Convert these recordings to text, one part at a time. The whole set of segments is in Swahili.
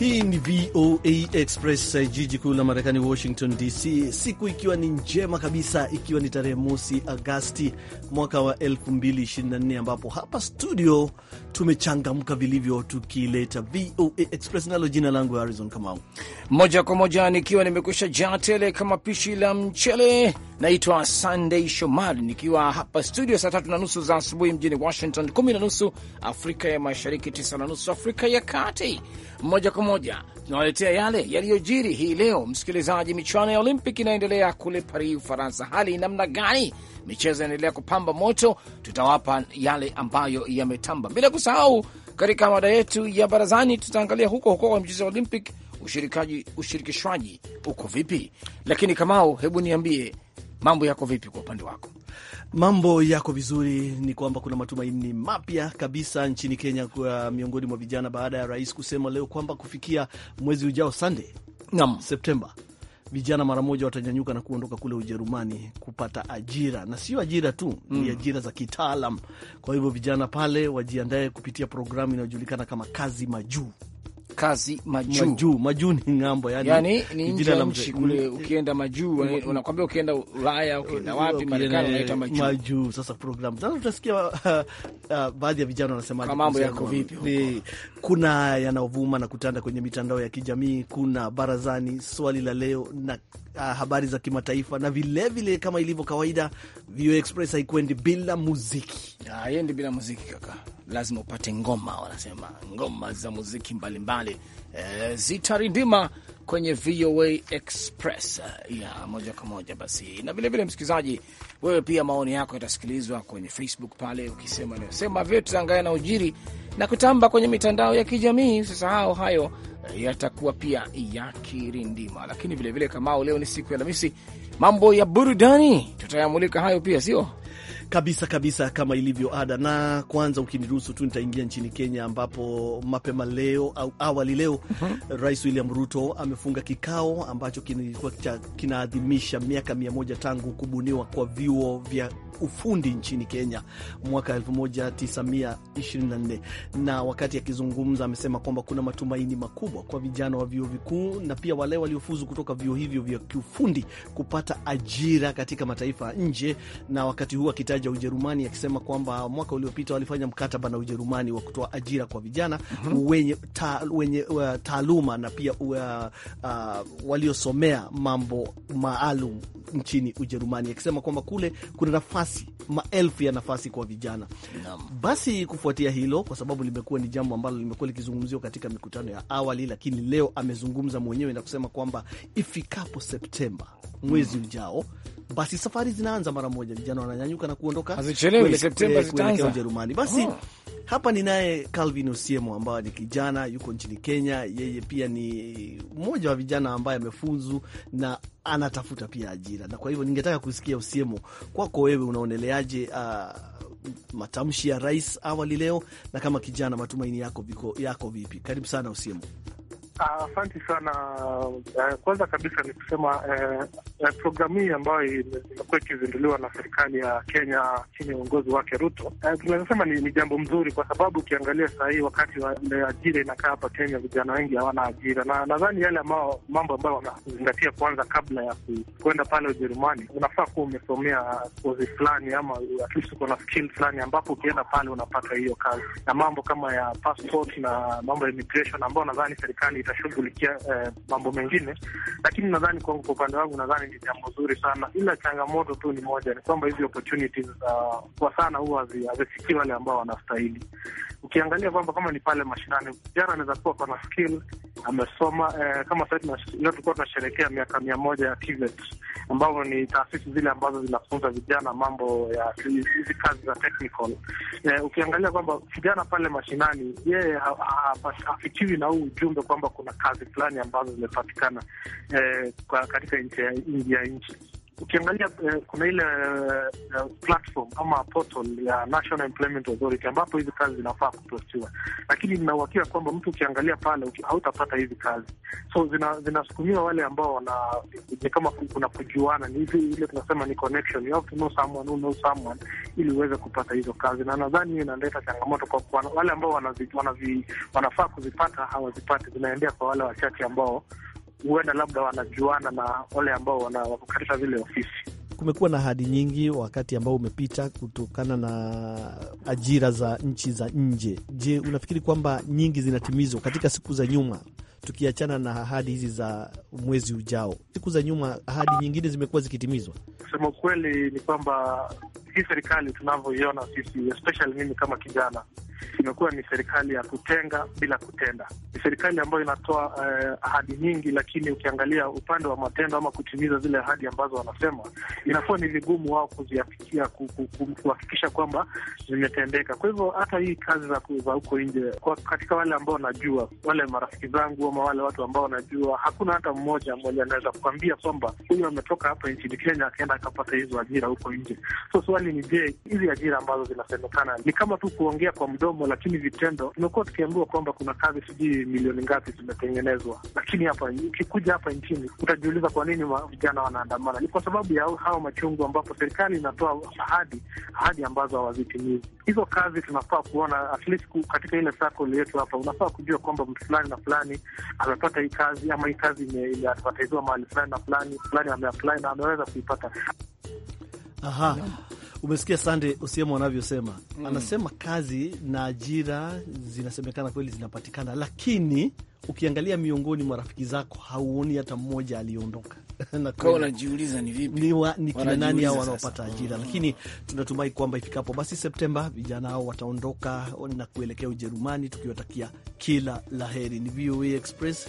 Hii ni VOA Express, jiji kuu la Marekani, Washington DC, siku ikiwa ni njema kabisa, ikiwa ni tarehe mosi Agasti mwaka wa 2024 ambapo hapa studio tumechangamka vilivyo tukileta VOA Express, nalo jina langu Harrison Kamau, moja kwa moja nikiwa nimekusha jaa tele kama pishi la mchele. Naitwa Sunday Shomari nikiwa hapa studio saa tatu na nusu za asubuhi mjini Washington, kumi na nusu Afrika ya Mashariki, tisa na nusu Afrika ya Kati. Moja kwa moja tunawaletea yale yaliyojiri hii leo. Msikilizaji, michuano ya olympic inaendelea kule Paris, Ufaransa. Hali namna gani? Michezo inaendelea kupamba moto, tutawapa yale ambayo yametamba, bila kusahau katika mada yetu ya barazani tutaangalia huko huko kwa mchezo wa Olympic, ushirikaji ushirikishwaji uko vipi? Lakini Kamau, hebu niambie mambo yako vipi kwa upande wako? Mambo yako vizuri. Ni kwamba kuna matumaini mapya kabisa nchini Kenya kwa miongoni mwa vijana baada ya rais kusema leo kwamba kufikia mwezi ujao Sunday, naam, Septemba, vijana mara moja watanyanyuka na kuondoka kule Ujerumani kupata ajira, na sio ajira tu, ni mm, ajira za kitaalam. Kwa hivyo vijana pale wajiandae kupitia programu inayojulikana kama kazi majuu kazi majuu. Majuu, majuu ni ng'ambo, yani, yani ni jina la mji kule. Ukienda majuu unakwambia, ukienda Ulaya, ukienda wapi, Marekani unaita majuu. Majuu sasa program sasa, utasikia uh, uh, baadhi ya vijana wanasema kama mambo yako vipi huko. Kuna yanayovuma na kutanda kwenye mitandao ya kijamii, kuna barazani, swali la leo na uh, habari za kimataifa na vilevile vile, kama ilivyo kawaida, Vio Express haikwendi bila muziki, ah, haiendi bila muziki kaka lazima upate ngoma, wanasema ngoma za muziki mbalimbali e, eh, zitarindima kwenye VOA Express ya moja kwa moja. Basi na vilevile, msikilizaji, wewe pia maoni yako yatasikilizwa kwenye Facebook pale, ukisema nayosema vyo tutaangalia na ujiri na kutamba kwenye mitandao ya kijamii. Usisahau hayo eh, yatakuwa pia yakirindima, lakini vilevile, Kamau, leo ni siku ya Alhamisi, mambo ya burudani tutayamulika hayo pia, sio? kabisa kabisa, kama ilivyo ada. Na kwanza ukiniruhusu tu nitaingia nchini Kenya, ambapo mapema leo au awali leo mm -hmm. Rais William Ruto amefunga kikao ambacho kilikuwa kinaadhimisha miaka mia moja tangu kubuniwa kwa vyuo vya ufundi nchini Kenya mwaka 1924. Na wakati akizungumza, amesema kwamba kuna matumaini makubwa kwa vijana wa vyuo vikuu na pia wale waliofuzu kutoka vyuo hivyo vya kiufundi kupata ajira katika mataifa nje, na wakati huu akitaja Ujerumani, akisema kwamba mwaka uliopita walifanya mkataba na Ujerumani wa kutoa ajira kwa vijana mm -hmm. wenye, ta, wenye uh, taaluma na pia uh, uh, waliosomea mambo maalum nchini Ujerumani, akisema kwamba kule kuna nafasi nafasi maelfu ya nafasi kwa vijana Basi kufuatia hilo, kwa sababu limekuwa ni jambo ambalo limekuwa likizungumziwa katika mikutano ya awali, lakini leo amezungumza mwenyewe na kusema kwamba ifikapo Septemba mwezi mm. ujao basi safari zinaanza mara moja, vijana wananyanyuka na kuondoka kuelekea Ujerumani. Basi oh. Hapa ninaye Calvin Osiemo ambaye ni kijana yuko nchini Kenya. Yeye pia ni mmoja wa vijana ambaye amefunzu na anatafuta pia ajira, na kwa hivyo ningetaka kusikia Osiemo, kwako wewe unaoneleaje uh, matamshi ya rais awali leo, na kama kijana matumaini yako, yako vipi? Karibu sana Osiemo. Asante sana. Eh, kwanza kabisa ni kusema uh, uh, programu hii ambayo imekuwa ikizinduliwa na serikali ya Kenya chini ya uongozi wake Ruto, eh, tunawezasema ni, ni jambo mzuri, kwa sababu ukiangalia saa hii wakati wa ajira inakaa hapa Kenya, vijana wengi hawana ajira, na nadhani yale mao, mambo ambayo wanazingatia kwanza kabla ya kuenda pale Ujerumani, unafaa kuwa umesomea kozi fulani ama at least uko na skill fulani, ambapo ukienda pale unapata hiyo kazi, na mambo kama ya passport na mambo ya immigration ambayo nadhani serikali itashughulikia eh, mambo mengine, lakini nadhani kwangu, kwa upande wangu, nadhani ni jambo zuri sana, ila changamoto tu ni moja, ni kwamba hizi opportunities uh, kwa sana huwa hazifikii wale ambao wanastahili ukiangalia kwamba kama ni pale mashinani, vijana anaweza kuwa na skill amesoma. Eh, kama sasa leo tulikuwa tunasherehekea miaka mia moja ya TVET ambazo ni taasisi zile ambazo zinafunza vijana mambo ya hizi kazi za technical. Eh, ukiangalia kwamba kijana pale mashinani yeye hafikiwi na huu ujumbe kwamba kuna kazi fulani ambazo zimepatikana eh, katika nje ya nchi ukiangalia eh, kuna ile uh, platform ama portal ya National Employment Authority ambapo hizi kazi zinafaa kupostiwa, lakini nina kwamba mtu ukiangalia pale hautapata hizi kazi, so zinasukumiwa zina wale ambao wana ni kama kuna kujuana, ni hivi ile tunasema ni connection, you have to know someone who knows someone ili uweze kupata hizo kazi, na nadhani hiyo inaleta changamoto kwa wale ambao wanavi, wanavi, wanafaa kuzipata hawazipati, zinaendea kwa wale wachache ambao huenda labda wanajuana na wale ambao wako katika zile ofisi. Kumekuwa na ahadi nyingi wakati ambao umepita kutokana na ajira za nchi za nje. Je, unafikiri kwamba nyingi zinatimizwa katika siku za nyuma? Tukiachana na ahadi hizi za mwezi ujao, siku za nyuma ahadi nyingine zimekuwa zikitimizwa. Kusema ukweli ni kwamba hii serikali tunavyoiona sisi, especially mimi kama kijana imekuwa ni serikali ya kutenga bila kutenda. Ni serikali ambayo inatoa eh, ahadi nyingi, lakini ukiangalia upande wa matendo ama kutimiza zile ahadi ambazo wanasema, inakuwa ni vigumu wao kuziafikia, kuhakikisha kwamba zimetendeka. Kwa hivyo hata hii kazi za huko nje, katika wale ambao wanajua, wale marafiki zangu ama wale watu ambao wanajua, hakuna hata mmoja mmoja anaweza kukwambia kwamba huyu ametoka hapa nchini Kenya akaenda akapata hizo ajira huko nje. So swali ni je, hizi ajira ambazo zinasemekana ni kama tu kuongea kwa mdomo mdomo, lakini vitendo tumekuwa tukiambiwa kwamba kuna kazi sijui milioni ngapi zimetengenezwa, lakini hapa ukikuja hapa nchini utajiuliza kwa nini vijana wanaandamana. Ni kwa sababu ya hao machungu, ambapo serikali inatoa ahadi, ahadi ambazo hawazitimizi. Hizo kazi tunafaa kuona at least katika ile circle yetu hapa, unafaa kujua kwamba mtu fulani na fulani amepata hii kazi ama hii kazi imeadvertisiwa mahali fulani na fulani fulani, ameapply na ameweza kuipata. Aha. Umesikia Sande Usiemo wanavyosema mm. Anasema kazi na ajira zinasemekana kweli zinapatikana, lakini ukiangalia miongoni mwa rafiki zako hauoni hata mmoja aliyeondoka. Unajiuliza ni vipi, ni kina nani hao wanaopata mm. ajira mm. Lakini tunatumai kwamba ifikapo basi Septemba vijana hao wataondoka na kuelekea Ujerumani, tukiwatakia kila la heri. Ni VOA Express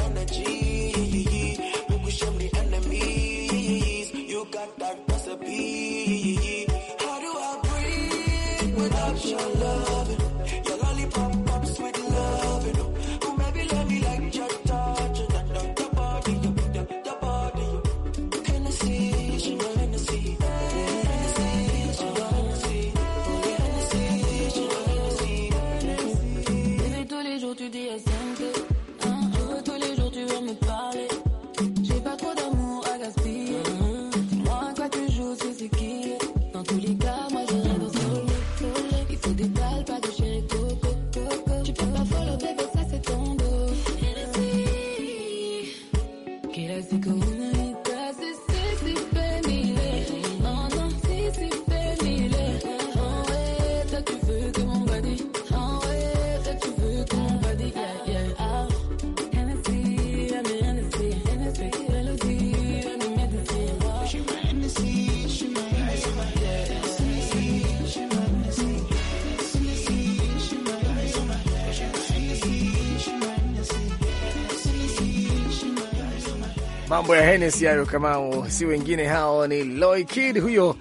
mambo ya Hennessy hayo, Kamau, si wengine hao, ni Loy Kid huyo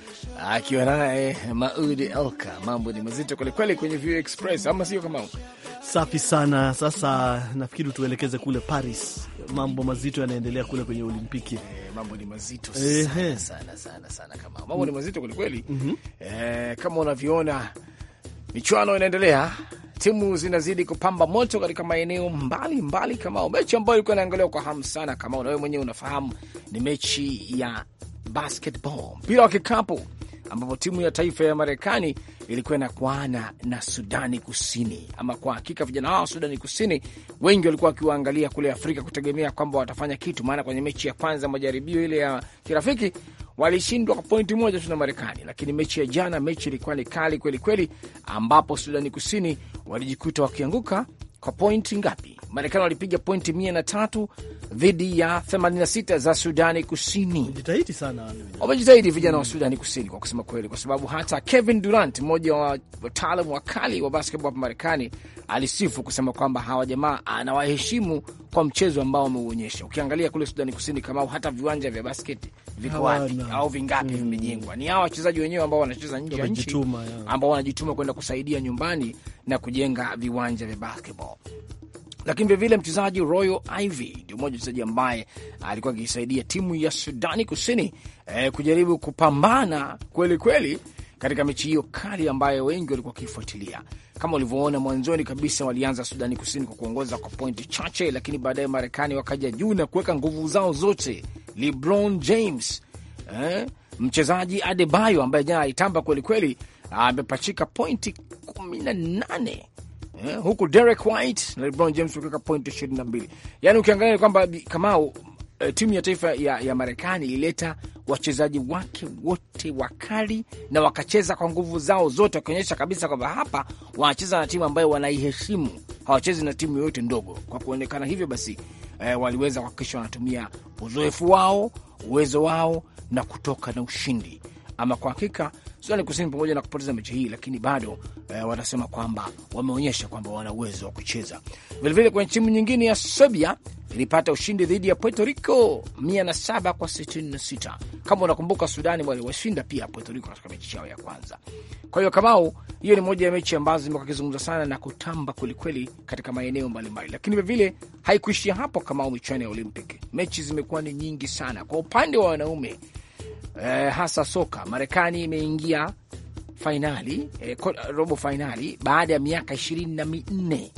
akiwa naye Maudi Elka. Mambo ni mazito kwelikweli kwenye View Express, ama sio Kamau? Safi sana. Sasa nafikiri tuelekeze kule Paris, mambo mazito yanaendelea kule kwenye Olimpiki. E, mambo ni mazito sana, sana, sana, sana Kamau, mambo mm. ni mazito kwelikweli mm -hmm. E, eh, kama unavyoona michuano inaendelea timu zinazidi kupamba moto katika maeneo mbalimbali. Kamao, mechi ambayo ilikuwa inaangaliwa kwa hamu sana, Kamao, na wewe mwenyewe unafahamu, ni mechi ya basketball, mpira wa kikapu, ambapo timu ya taifa ya Marekani ilikuwa inakwana na Sudani Kusini. Ama kwa hakika vijana hao Sudani Kusini wengi walikuwa wakiwaangalia kule Afrika kutegemea kwamba watafanya kitu, maana kwenye mechi ya kwanza majaribio ile ya kirafiki walishindwa kwa pointi moja tu na Marekani, lakini mechi ya jana, mechi ilikuwa ni kali kweli kweli, ambapo Sudani Kusini walijikuta wakianguka kwa pointi ngapi? Marekani walipiga pointi mia na tatu dhidi ya 86 za Sudani Kusini. Wamejitahidi vijana wa Sudani Kusini kwa kusema kweli, kwa sababu hata Kevin Durant, mmoja wa wataalamu wakali wa basketball hapa Marekani, alisifu kusema kwamba hawa jamaa anawaheshimu kwa mchezo ambao wameuonyesha. Ukiangalia kule Sudani Kusini, Kamau, hata viwanja vya basketi viko wapi au vingapi mm. vimejengwa. Ni hawa wachezaji wenyewe ambao wanacheza nje ya nchi ambao wanajituma kwenda kusaidia nyumbani na kujenga viwanja vya basketball. Lakini vilevile mchezaji Royal Ivy ndio mmoja mchezaji ambaye alikuwa akisaidia timu ya Sudani Kusini eh, kujaribu kupambana kweli kweli katika mechi hiyo kali ambayo wengi walikuwa wakifuatilia Kama ulivyoona mwanzoni kabisa, walianza Sudani Kusini kwa kuongoza kwa pointi chache, lakini baadaye Marekani wakaja juu na kuweka nguvu zao zote. LeBron James eh, mchezaji Adebayo ambaye jana alitamba kwelikweli, amepachika pointi kumi na nane eh, huku Derek White na LeBron James wakiweka pointi ishirini na mbili. Yaani ukiangalia ni kwamba Kamau, Eh, timu ya taifa ya, ya Marekani ilileta wachezaji wake wote wakali na wakacheza kwa nguvu zao zote, wakionyesha kabisa kwamba hapa wanacheza na timu ambayo wanaiheshimu, hawachezi na timu yoyote ndogo. Kwa kuonekana hivyo basi, eh, waliweza kuhakikisha wanatumia uzoefu wao, uwezo wao na kutoka na ushindi. Ama kwa hakika Sudani Kusini pamoja na kupoteza mechi hii, lakini bado eh, wanasema kwamba wameonyesha kwamba wana uwezo wa kucheza vilevile. Kwenye timu nyingine ya Serbia ilipata ushindi dhidi ya Puerto Rico 107 kwa 66. Kama unakumbuka, Sudani waliwashinda pia Puerto Rico katika mechi yao ya kwanza. Kwa hiyo Kamau, hiyo ni moja ya mechi ambazo zimekuwa kizungumza sana na kutamba kwelikweli katika maeneo mbalimbali, lakini vilevile haikuishia hapo Kamau. Michuano ya Olympic mechi zimekuwa ni nyingi sana kwa upande wa wanaume eh, hasa soka. Marekani imeingia fainali eh, robo fainali baada ya miaka ishirini na minne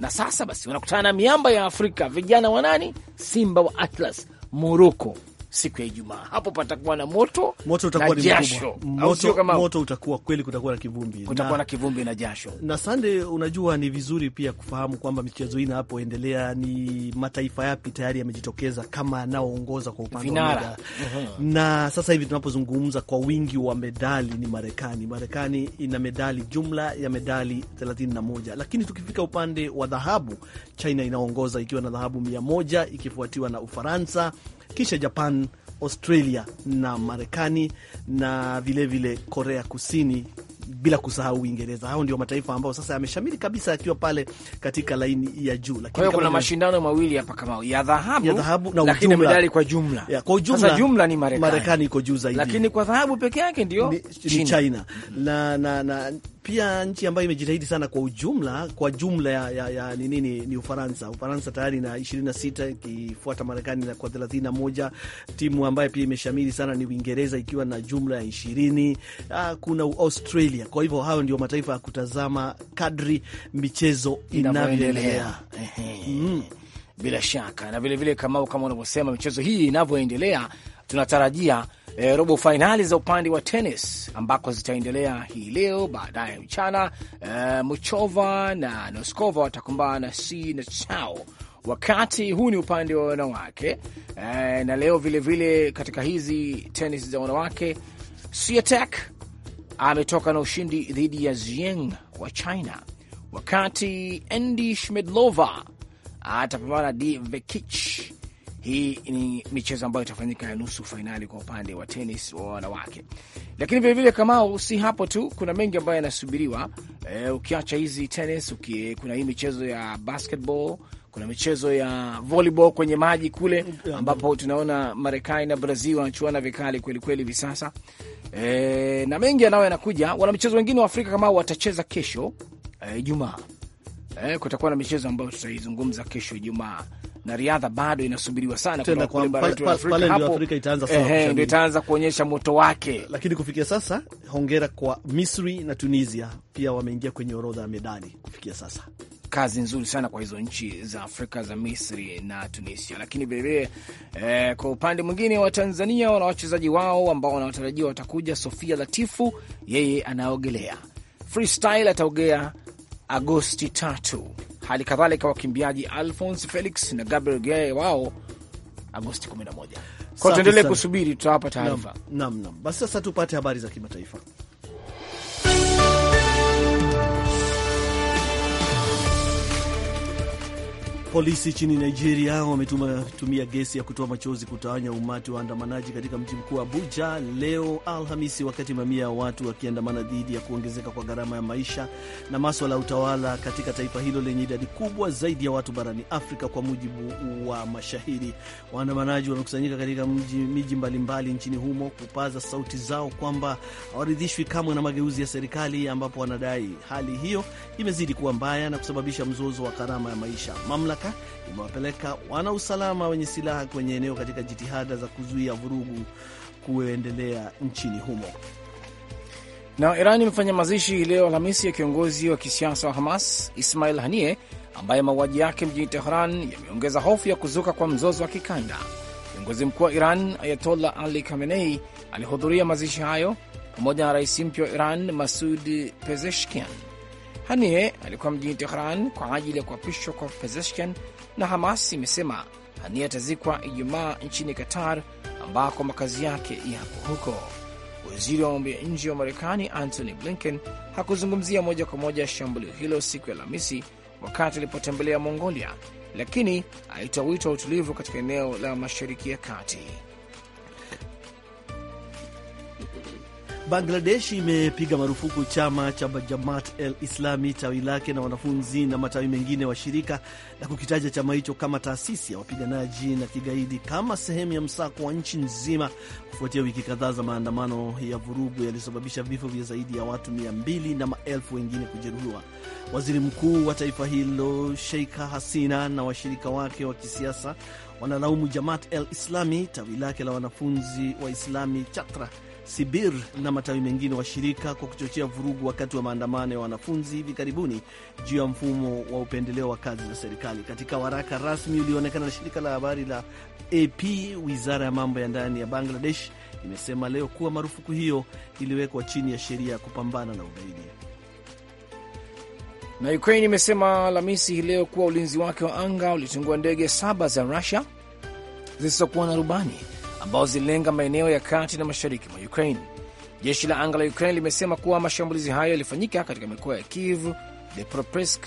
na sasa basi wanakutana na miamba ya Afrika, vijana wanani Simba wa Atlas Moroko siku ya Ijumaa. Hapo patakuwa na moto, moto utakuwa na jasho, moto, kama... moto utakuwa kweli, kutakuwa na kivumbi, kutakuwa na na kivumbi na jasho. Na Sande, unajua ni vizuri pia kufahamu kwamba michezo hii inapoendelea ni mataifa yapi tayari yamejitokeza kama anaoongoza kwa upande wa medali, uh-huh. na sasa hivi tunapozungumza kwa wingi wa medali ni Marekani. Marekani ina medali jumla ya medali 31, lakini tukifika upande wa dhahabu, China inaongoza ikiwa na dhahabu 100 ikifuatiwa na Ufaransa kisha Japan, Australia na Marekani na vilevile vile Korea Kusini, bila kusahau Uingereza. Hao ndio mataifa ambayo sasa yameshamiri kabisa yakiwa pale katika laini ya juu. Lakini kuna mashindano mawili hapa kama ya dhahabu ya dhahabu na lakini medali kwa jumla ya, kwa ujumla, sasa jumla ni Marekani, Marekani iko juu zaidi, lakini kwa dhahabu peke yake ndio ni China, China. Mm -hmm. na, na, na pia nchi ambayo imejitahidi sana kwa ujumla kwa jumla ya, ya, ya ni nini? Ni Ufaransa. Ufaransa tayari na 26 ikifuata Marekani na kwa 31. Timu ambayo pia imeshamiri sana ni Uingereza ikiwa na jumla ya 20. Ah, kuna Australia. Kwa hivyo hayo ndio mataifa ya kutazama kadri michezo inavyoendelea. Bila shaka na vilevile, Kamau, kama unavyosema michezo hii inavyoendelea tunatarajia e, robo fainali za upande wa tenis ambako zitaendelea hii leo baadaye mchana. E, Muchova na Noskova watakumbana na C na Chao wakati huu ni upande wa wanawake e, na leo vilevile vile katika hizi tenis za wanawake Swiatek ametoka na ushindi dhidi ya Zieng wa China, wakati Andy Shmedlova atapambana na hii ni michezo ambayo itafanyika ya nusu fainali kwa upande wa tenis wa wanawake. Lakini vilevile Kamau, si hapo tu, kuna mengi ambayo yanasubiriwa. E, ukiacha hizi tenis uki, kuna hii michezo ya basketball kuna michezo ya volleyball kwenye maji kule ambapo tunaona Marekani na Brazil wanachuana vikali kwelikweli hivi sasa e, na mengi yanayo yanakuja. Wana michezo wengine wa Afrika kama watacheza kesho eh, Ijumaa e, e, kutakuwa na michezo ambayo tutaizungumza kesho Ijumaa na riadha bado inasubiriwa sana ndio itaanza kuonyesha moto wake, lakini kufikia sasa hongera kwa Misri na Tunisia pia wameingia kwenye orodha ya medali kufikia sasa. Kazi nzuri sana kwa hizo nchi za Afrika za Misri na Tunisia. Lakini vilevile eh, kwa upande mwingine wa Tanzania wana wachezaji wao ambao wanatarajiwa watakuja. Sofia Latifu yeye anaogelea freestyle, ataogea Agosti tatu hali kadhalika wakimbiaji Alphonse Felix na Gabriel Gaye wao Agosti 11. Kwa tuendelee kusubiri, tutawapa taarifa. Naam, naam, basi sasa tupate habari za kimataifa. Polisi nchini Nigeria wametumia gesi ya kutoa machozi kutawanya umati wa waandamanaji katika mji mkuu Abuja leo Alhamisi, wakati mamia ya watu wakiandamana dhidi ya kuongezeka kwa gharama ya maisha na maswala ya utawala katika taifa hilo lenye idadi kubwa zaidi ya watu barani Afrika, kwa mujibu wa mashahidi. Waandamanaji wamekusanyika katika mji, miji mbalimbali nchini humo kupaza sauti zao kwamba hawaridhishwi kamwe na mageuzi ya serikali, ambapo wanadai hali hiyo imezidi kuwa mbaya na kusababisha mzozo wa gharama ya maisha Mamla mipaka imewapeleka wanausalama wenye silaha kwenye eneo katika jitihada za kuzuia vurugu kuendelea nchini humo. Na Iran imefanya mazishi leo Alhamisi ya kiongozi wa kisiasa wa Hamas Ismail hanie ambaye mauaji yake mjini Tehran yameongeza hofu ya kuzuka kwa mzozo wa kikanda. Kiongozi mkuu wa Iran Ayatollah Ali Khamenei alihudhuria mazishi hayo pamoja na rais mpya wa Iran Masud Pezeshkian hanie alikuwa mjini Tehran kwa ajili ya kuapishwa kwa Pezeshkian, na Hamas imesema hanie atazikwa Ijumaa nchini Qatar, ambako makazi yake yapo huko. Waziri wa mambo ya nje wa Marekani Antony Blinken hakuzungumzia moja kwa moja shambulio hilo siku ya Alhamisi wakati alipotembelea Mongolia, lakini alitoa wito wa utulivu katika eneo la Mashariki ya Kati. Bangladesh imepiga marufuku chama cha Jamaat el Islami, tawi lake na wanafunzi na matawi mengine wa shirika na kukitaja chama hicho kama taasisi ya wapiganaji na kigaidi, kama sehemu ya msako wa nchi nzima, kufuatia wiki kadhaa za maandamano ya vurugu yaliyosababisha vifo vya zaidi ya watu mia mbili na maelfu wengine kujeruhiwa. Waziri mkuu wa taifa hilo Sheikha Hasina na washirika wake wa kisiasa wanalaumu Jamaat el Islami, tawi lake la wanafunzi wa Islami Chatra Sibir na matawi mengine washirika kwa kuchochea vurugu wakati wa maandamano ya wanafunzi hivi karibuni juu ya mfumo wa upendeleo wa kazi za serikali. Katika waraka rasmi ulioonekana na shirika la habari la AP, wizara ya mambo ya ndani ya Bangladesh imesema leo kuwa marufuku hiyo iliwekwa chini ya sheria ya kupambana na ugaidi. Na Ukraine imesema Alhamisi hii leo kuwa ulinzi wake wa anga ulitungua ndege saba za Rusia zisizokuwa na rubani ambao zililenga maeneo ya kati na mashariki mwa Ukraine. Jeshi la anga la Ukraine limesema kuwa mashambulizi hayo yalifanyika katika mikoa ya Kiev, Dnipropetrovsk,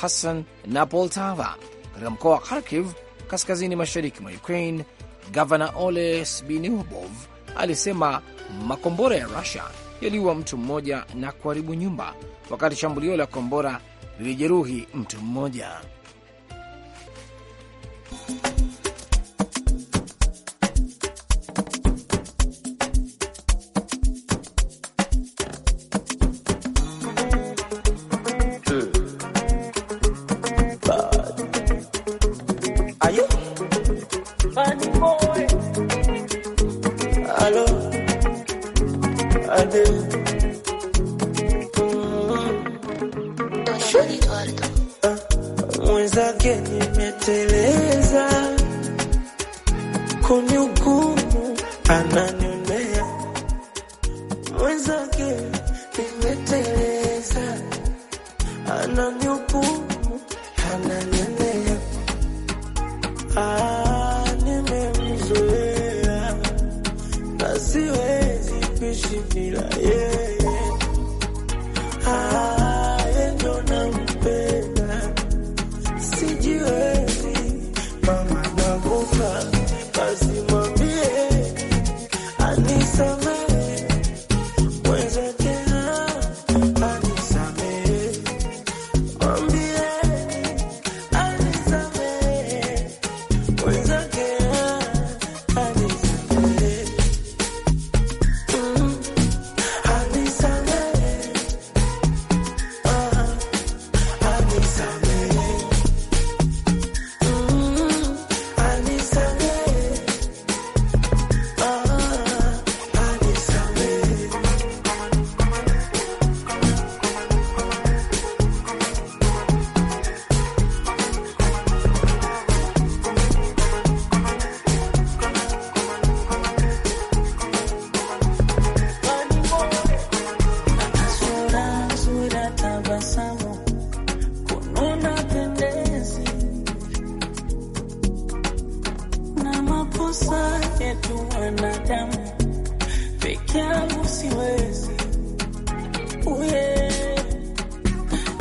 Hassan na Poltava. Katika mkoa wa Kharkiv, kaskazini mashariki mwa Ukraine, gavana Ole Sbiniubov alisema makombora ya Rusia yaliua mtu mmoja na kuharibu nyumba, wakati shambulio la kombora lilijeruhi mtu mmoja. Ah, mwenzake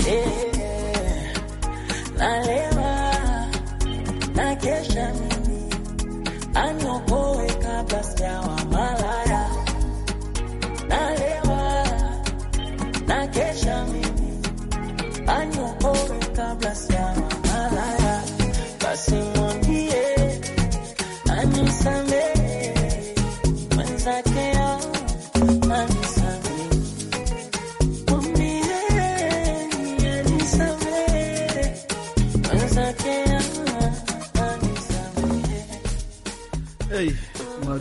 Yeah.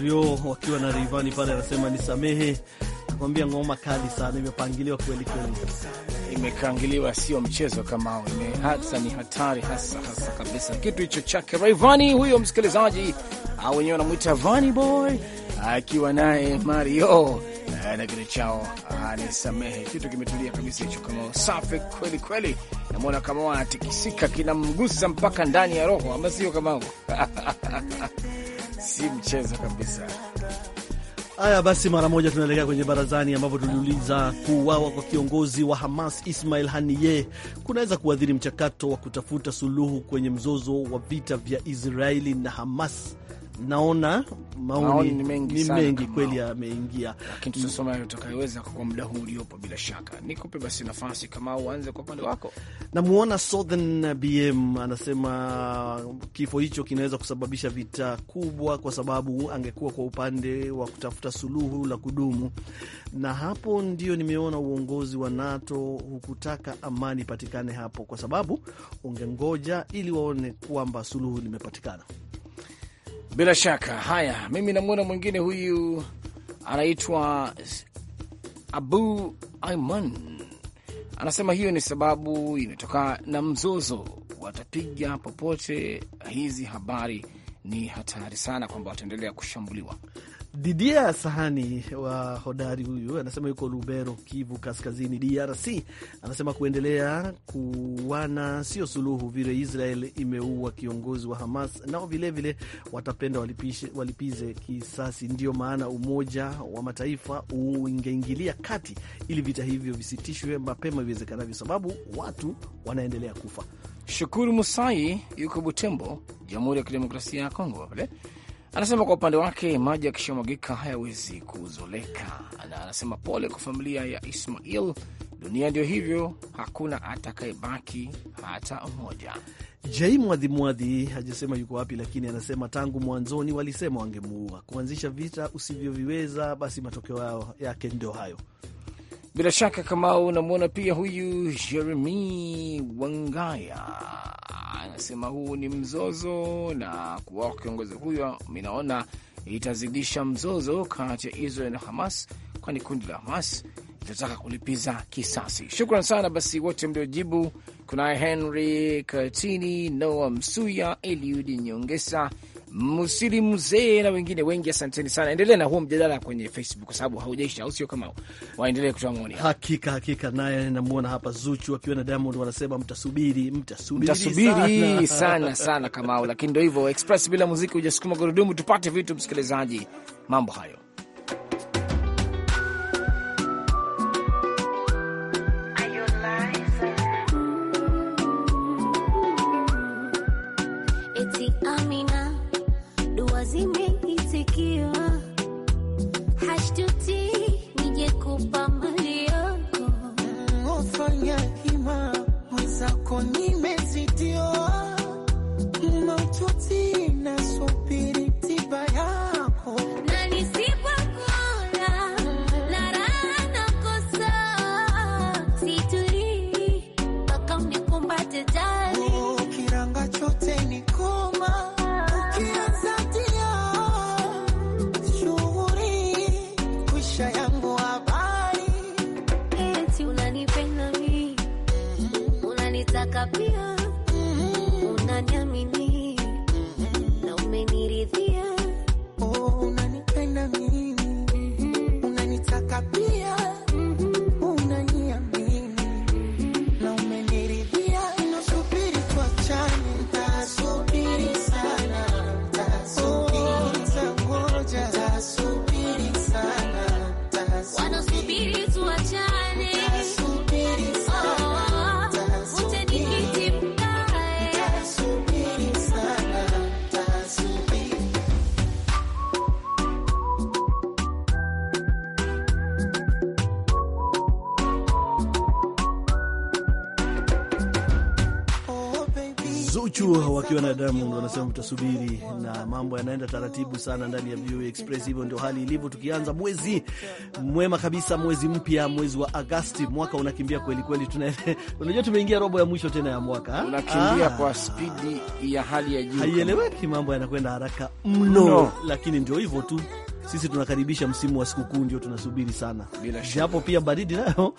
Mario wakiwa na Rayvanny pale, anasema nisamehe, nakwambia ngoma kali sana, imepangiliwa kweli kweli, imekangiliwa, sio mchezo kama hasa, ni hatari hasa hasa kabisa kitu hicho chake Rayvanny huyo, msikilizaji au wenyewe wanamwita Vanny Boy, akiwa naye Mario eh, na kitu chao ah, nisamehe, kitu kimetulia kabisa hicho, kama safi kweli kweli. Namwona kama anatikisika, kinamgusa mpaka ndani ya roho, ama sio? Kama si mchezo kabisa. Haya basi, mara moja tunaelekea kwenye barazani, ambapo tuliuliza kuuawa kwa kiongozi wa Hamas Ismail haniye kunaweza kuathiri mchakato wa kutafuta suluhu kwenye mzozo wa vita vya Israeli na Hamas naona maoni ni mengi, mengi kweli yameingia, lakini mm. tutasoma hayo utakayoweza kwa muda huu uliopo. Bila shaka nikupe basi nafasi kama uanze kwa upande wako. Namuona Southern BM anasema kifo hicho kinaweza kusababisha vita kubwa, kwa sababu angekuwa kwa upande wa kutafuta suluhu la kudumu, na hapo ndio nimeona uongozi wa NATO hukutaka amani ipatikane hapo, kwa sababu ungengoja ili waone kwamba suluhu limepatikana. Bila shaka. Haya, mimi namwona mwingine huyu anaitwa Abu Aiman, anasema hiyo ni sababu imetoka na mzozo, watapiga popote. Hizi habari ni hatari sana, kwamba wataendelea kushambuliwa. Didia Sahani wa hodari huyu anasema yuko Lubero, Kivu Kaskazini, DRC. Anasema kuendelea kuwana sio suluhu, vile Israel imeua kiongozi wa Hamas, nao vilevile watapenda walipishe, walipize kisasi. ndio maana Umoja wa Mataifa ungeingilia kati ili vita hivyo visitishwe mapema iwezekanavyo, sababu watu wanaendelea kufa. Shukuru Musai yuko Butembo, Jamhuri ya Kidemokrasia ya Kongo pale Anasema kwa upande wake maji yakishamwagika hayawezi kuzoleka, na anasema pole kwa familia ya Ismail. Dunia ndio hivyo, hakuna atakayebaki hata mmoja. Jai mwadhi hajasema yuko wapi, lakini anasema tangu mwanzoni walisema wangemuua. Kuanzisha vita usivyoviweza, basi matokeo yao yake ndio hayo. Bila shaka kama unamwona pia huyu Jeremi Wangaya anasema huu ni mzozo na kuwa kwa kiongozi huyo, minaona itazidisha mzozo kati ya Israel na Hamas, kwani kundi la Hamas litataka kulipiza kisasi. Shukran sana basi wote mliojibu. Kunaye Henry Katini, Noa Msuya, Eliudi Nyongesa Musili Mzee na wengine wengi, asanteni sana. Endelea na huo mjadala kwenye Facebook kwa sababu haujaisha, au sio? Kama waendelee kutoa maoni. Hakika hakika, naye namuona hapa Zuchu akiwa na Diamond, wanasema mtasubiri, mtasubiri, mtasubiri sana sana, sana Kamau, lakini ndio hivyo express, bila muziki hujasukuma gurudumu. Tupate vitu msikilizaji, mambo hayo Diamond wanasema mtasubiri, na mambo yanaenda taratibu sana ndani ya VOA Express. Hivyo ndio hali ilivyo, tukianza mwezi mwema kabisa, mwezi mpya, mwezi wa Agasti. Mwaka unakimbia kweli kweli, unajua tumeingia robo ya mwisho tena ya mwaka, unakimbia kwa ah. spidi ya hali ya juu, haieleweki, mambo yanakwenda haraka mno no. Lakini ndio hivyo tu sisi tunakaribisha msimu wa sikukuu, ndio tunasubiri sana, japo pia baridi nayo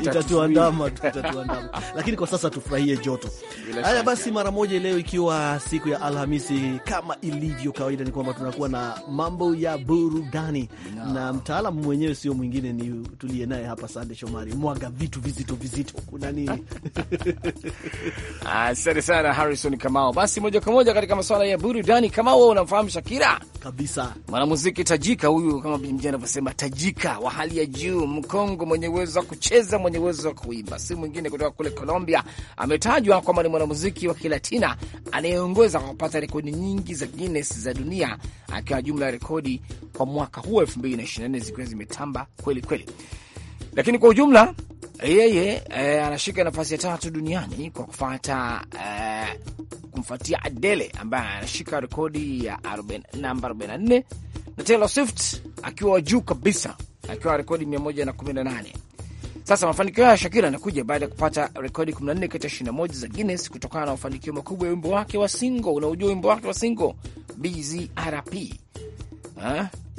itatuandama itatuandama, lakini kwa sasa tufurahie joto. Haya basi, mara moja leo, ikiwa siku ya Alhamisi, kama ilivyo kawaida, ni kwamba tunakuwa na mambo ya burudani na mtaalamu mwenyewe sio mwingine ni tuliye naye hapa, Sande Shomari, mwaga vitu vizito vizito, kuna nini? Asante sana Harrison Kamao. Basi moja kwa moja katika masuala ya burudani, kama wewe unamfahamu Shakira kabisa, mwanamuziki tajika huyu, kama mjana anavyosema, tajika wa hali ya juu, mkongo mwenye uwezo wa kucheza kucheza, mwenye uwezo wa kuimba, si mwingine kutoka kule Colombia. Ametajwa kwamba ni mwanamuziki wa Kilatina anayeongoza kwa kupata rekodi nyingi za Guinness za dunia, akiwa jumla ya rekodi kwa mwaka huu 2024 zikiwa zimetamba kweli kweli, lakini kwa ujumla yeye e, anashika nafasi ya tatu duniani kwa kufata e, kumfuatia Adele ambaye anashika rekodi ya namba 44 na Taylor Swift akiwa wa juu kabisa akiwa rekodi 118. Sasa mafanikio haya Shakira yanakuja baada ya kupata rekodi 14 kati ya moja za Guinness kutokana na mafanikio makubwa ya wimbo wake wa singo. Unaujua wimbo wake wa singo BZRP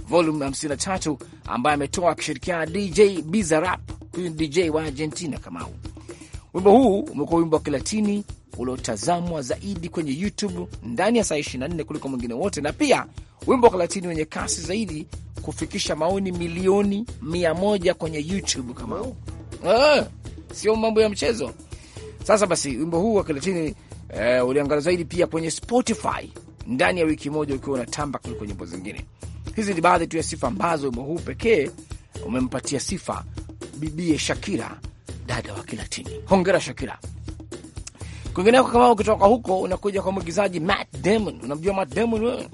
volume 53 ambaye ametoa akishirikiana na DJ Bizarap. Huyu ni DJ wa Argentina. Kamau, wimbo huu umekuwa wimbo wa Kilatini uliotazamwa zaidi kwenye YouTube ndani ya saa 24 kuliko mwingine wote, na pia wimbo wa Kilatini wenye kasi zaidi kufikisha maoni milioni 100 kwenye YouTube Kamau ah, sio mambo ya mchezo. Sasa basi wimbo huu wa Kilatini eh, uliangaza zaidi pia kwenye Spotify ndani ya wiki moja ukiwa unatamba kuliko nyimbo zingine. Hizi ni baadhi tu ya sifa ambazo wimbo huu pekee umempatia sifa bibie Shakira, dada wa Kilatini. Hongera Shakira. Kwingineko kama ukitoka huko unakuja kwa mwigizaji Matt Damon. Unamjua Matt Damon wewe?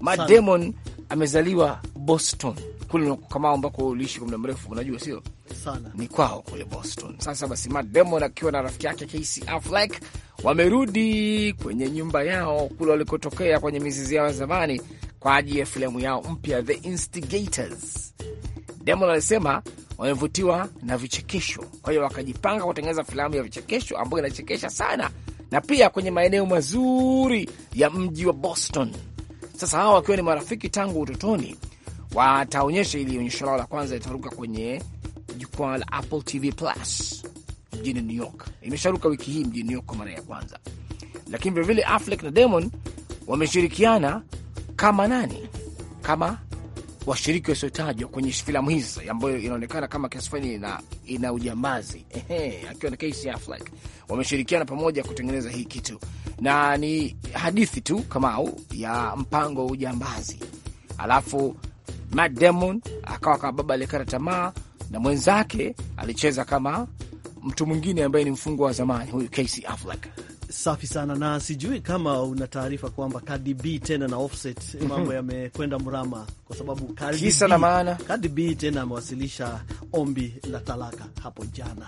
Matt Damon amezaliwa Boston kule kama ambako uliishi kwa muda mrefu, unajua sio? sana, ni kwao kule Boston. Sasa basi, Matt Damon akiwa na rafiki yake Casey Affleck wamerudi kwenye nyumba yao kule walikotokea kwenye mizizi yao ya zamani kwa ajili ya filamu yao mpya The Instigators. Damon alisema wamevutiwa na vichekesho, kwa hiyo wakajipanga kutengeneza filamu ya vichekesho ambayo inachekesha sana na pia kwenye maeneo mazuri ya mji wa Boston. Sasa hawa wakiwa ni marafiki tangu utotoni, wataonyesha ili onyesho lao la kwanza litaruka kwenye jukwaa la Apple TV Plus jijini New York. Imesharuka wiki hii mjini New York kwa mara ya kwanza, lakini vilevile Affleck na Damon wameshirikiana kama nani, kama washiriki wasiotajwa kwenye filamu hizi ambayo inaonekana kama kiasi fulani ina, ina ujambazi ehe, akiwa na Casey Affleck wameshirikiana pamoja kutengeneza hii kitu, na ni hadithi tu kama au ya mpango wa ujambazi, alafu Matt Damon akawa kama baba aliyekata tamaa na mwenzake alicheza kama mtu mwingine ambaye ni mfungwa wa zamani huyu Casey Affleck. Safi sana, na sijui kama una taarifa kwamba Cardi B tena na Offset mambo yamekwenda mrama, kwa sababu Cardi B tena amewasilisha ombi la talaka hapo jana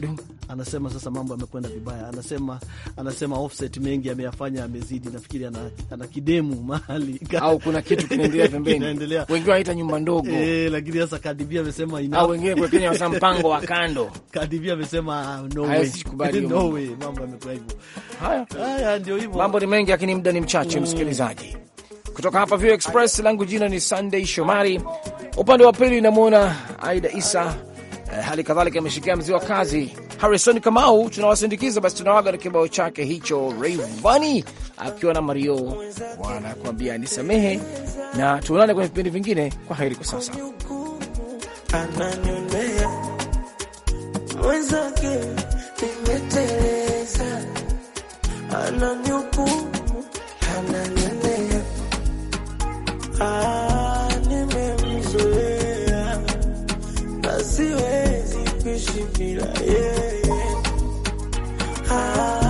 kidogo. Anasema sasa mambo yamekwenda vibaya, anasema anasema offset mengi ameyafanya amezidi. Nafikiri ana, ana kidemu mahali au kuna kitu kinaendelea pembeni, wengine wanaita nyumba ndogo eh, lakini sasa kadibia amesema ina au wengine kwa Kenya wasa mpango wa kando. Kadibia amesema ah, no way, sikubali no way, mambo yamekuwa hivyo. Haya haya, ndio hivyo, mambo ni mengi, lakini muda ni mchache mm. Msikilizaji kutoka hapa View Express, langu jina ni Sunday Shomari, upande wa pili namwona Aida Isa Ayo. Eh, hali kadhalika imeshikia mzee wa kazi Harrison Kamau. Tunawasindikiza basi, tunawaga na kibao chake hicho, Rayvanny akiwa na Mario wanakuambia nisamehe, na tuonane kwenye vipindi vingine. Kwa heri kwa sasa. Nila, yeah, yeah. Ah.